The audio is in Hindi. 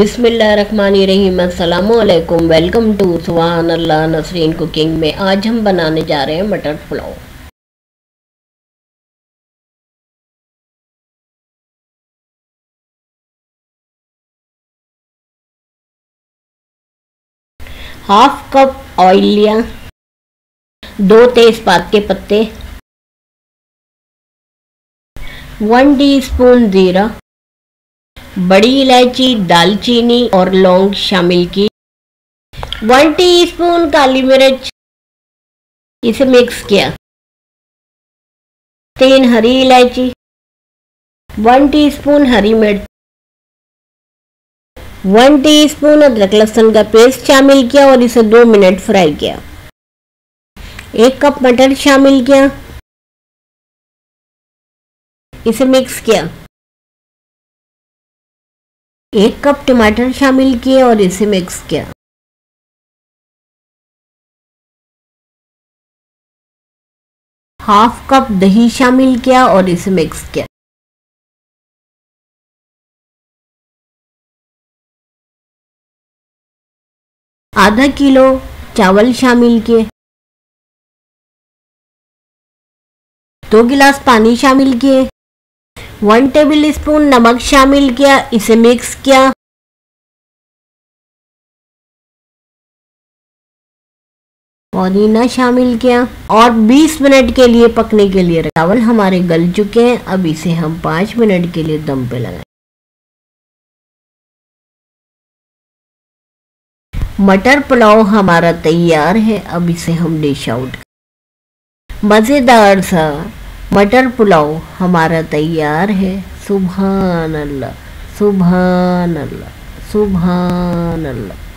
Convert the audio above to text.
बिसमीम वेलकम टू सुबहान अल्लाह नसरीन कुकिंग में आज हम बनाने जा रहे हैं मटर पुलाव हाफ कप ऑयल लिया दो तेज़पात के पत्ते वन टी स्पून ज़ीरा बड़ी इलायची दालचीनी और लौंग शामिल की वन टीस्पून काली मिर्च इसे मिक्स किया तीन हरी इलायची वन टीस्पून हरी मिर्च वन टीस्पून अदरक लहसुन का पेस्ट शामिल किया और इसे दो मिनट फ्राई किया एक कप मटर शामिल किया इसे मिक्स किया एक कप टमाटर शामिल किए और इसे मिक्स किया हाफ कप दही शामिल किया और इसे मिक्स किया आधा किलो चावल शामिल किए दो गिलास पानी शामिल किए वन टेबल स्पून नमक शामिल किया इसे मिक्स किया पुदीना शामिल किया और 20 मिनट के लिए पकने के लिए चावल हमारे गल चुके हैं अब इसे हम 5 मिनट के लिए दम पे लगाएं मटर पुलाव हमारा तैयार है अब इसे हम डिश आउट मज़ेदार सा मटर पुलाव हमारा तैयार है सुबहान अल्लाह सुबहान अल्लाह सुबहान अल्लाह